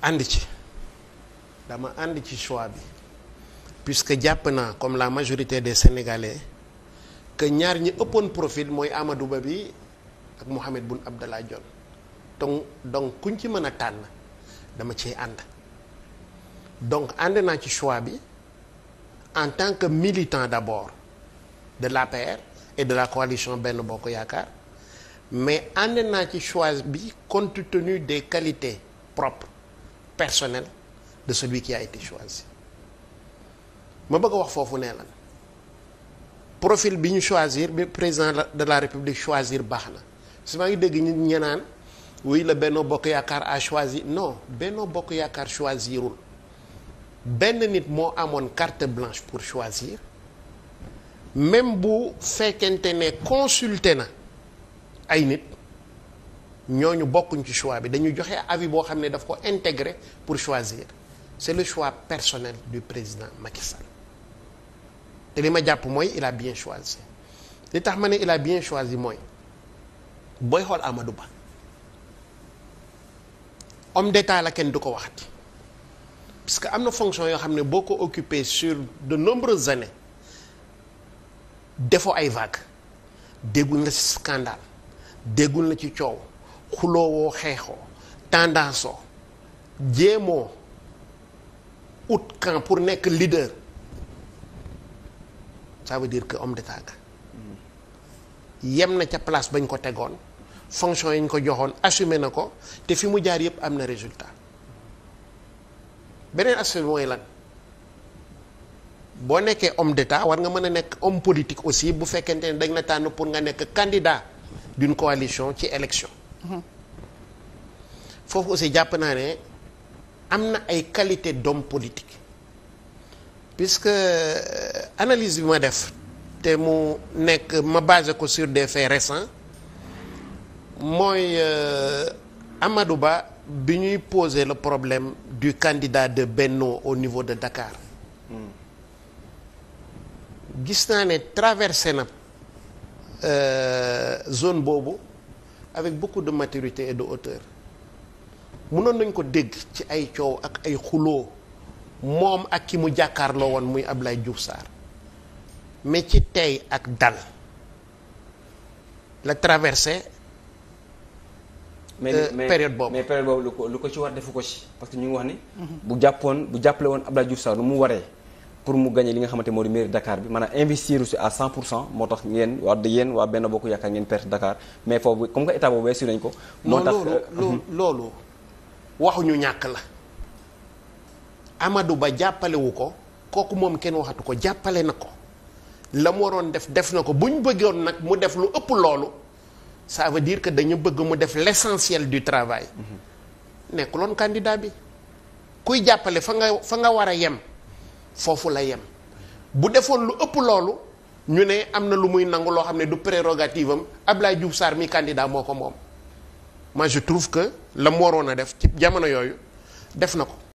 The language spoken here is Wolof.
ànd ci dama ànd ci choix bi puisque jàpp naa comme la majorité des sénégalais que ñaar ñi ëppoon profil mooy Amadou Ba bi ak Mohamed Boun Abdallah Dionne donc ku kuñ ci mën a tànn dama ci ànd donc ànd naa ci choix bi en tant que militant d'abord de la l'APR et de la coalition Benno Bokk Yaakaar mais ànd naa ci choix bi compte tenu des qualité propres personnel de celui qui a été choisi ma bëgg a wax foofu nee lan profil bi ñu choisir bi président de la république choisir baax na su maa ngi dégg ñu ñenaan oui la Benno Bokk Yaakaar a choisi no Benno Bokk Yaakaar choisirul benn nit moo amoon carte blanche pour choisir même bu fekkente ne consulté na ay nit ñooñu bokkuñ ci choix bi dañu joxe avis boo xam ne daf ko intégrer pour choisir c'est le choix personnel du président Macky Sall te li ma jàpp mooy il a bien choisi li tax ma ne il bien choisi mooy booy xool Amadou Ba homme d'État la kenn du ko waxati parce que am na fonction yoo xam ne boo ko occupé sur de nombreuses années defoo ay vagues déggul na ci scandale déggul na ci coow. xuloowoo xeexoo tendance oo jéemoo ut camp pour nekk leader ça veut dire que homme d'état ga yem na ca place bañ ko tegoon fonction yi ko joxoon assumer na ko te fi mu jaar yépp am na résultat beneen aspect mooy lan boo nekkee homme d'état war nga mën a nekk homme politique aussi bu fekkente ne dañ la tànn pour nga nekk candidat d'une coalition ci élection foofu aussi jàpp naa ne am na ay qualité d'homme politique puisque euh, analyse bi ma def te mu nekk ma basé ko sur des faits récents mooy euh, Amadou Ba bi ñuy poser le problème du candidat de Benno au niveau de Dakar gis naa ne traversé na euh, zone boobu avec beaucoup de maturité et de hauteur mënoon nañ ko dégg ci ay coow ak ay xuloo moom ak ki mu jàkkaarloo woon muy Ablaye Diouf Sarr mais ci tey ak dal la traversé. Euh, mais période boobu mais période boobu lu ko lu ko ci war defu ko ci parce que ñu ngi wax ni. bu jàppoon bu jàppale woon Ablaye Diouf Sarr lu mu waree. pour mu gagné li nga xamante moo di mairie Dakar bi a investir si à 100 pour cent moo tax ngeen waa yéen waa benn bokk yaakaar ngeen perte Dakar mais foofu comme que état boobu ko. moo tax loolu euh, mhm. loolu waxuñu ñàkk la Amadou Ba jàppalewu ko kooku moom kenn waxatu ko jàppale na ko la mu waroon def def na ko bu ñu bëggoon nag mu def lu ëpp loolu ça veut dire dañu bëgg mu def l'essentiel du travail. Mhm. nekkuloon candidat bi kuy jàppale fa nga fa nga war a yem. foofu la yem bu defoon lu ëpp loolu ñu ne am na lu muy nangu loo xam ne du prérogative am Ablaye Diouf saar mi candidat moo ko moom moi je trouve que la mu waroon a def ci jamono yooyu def na ko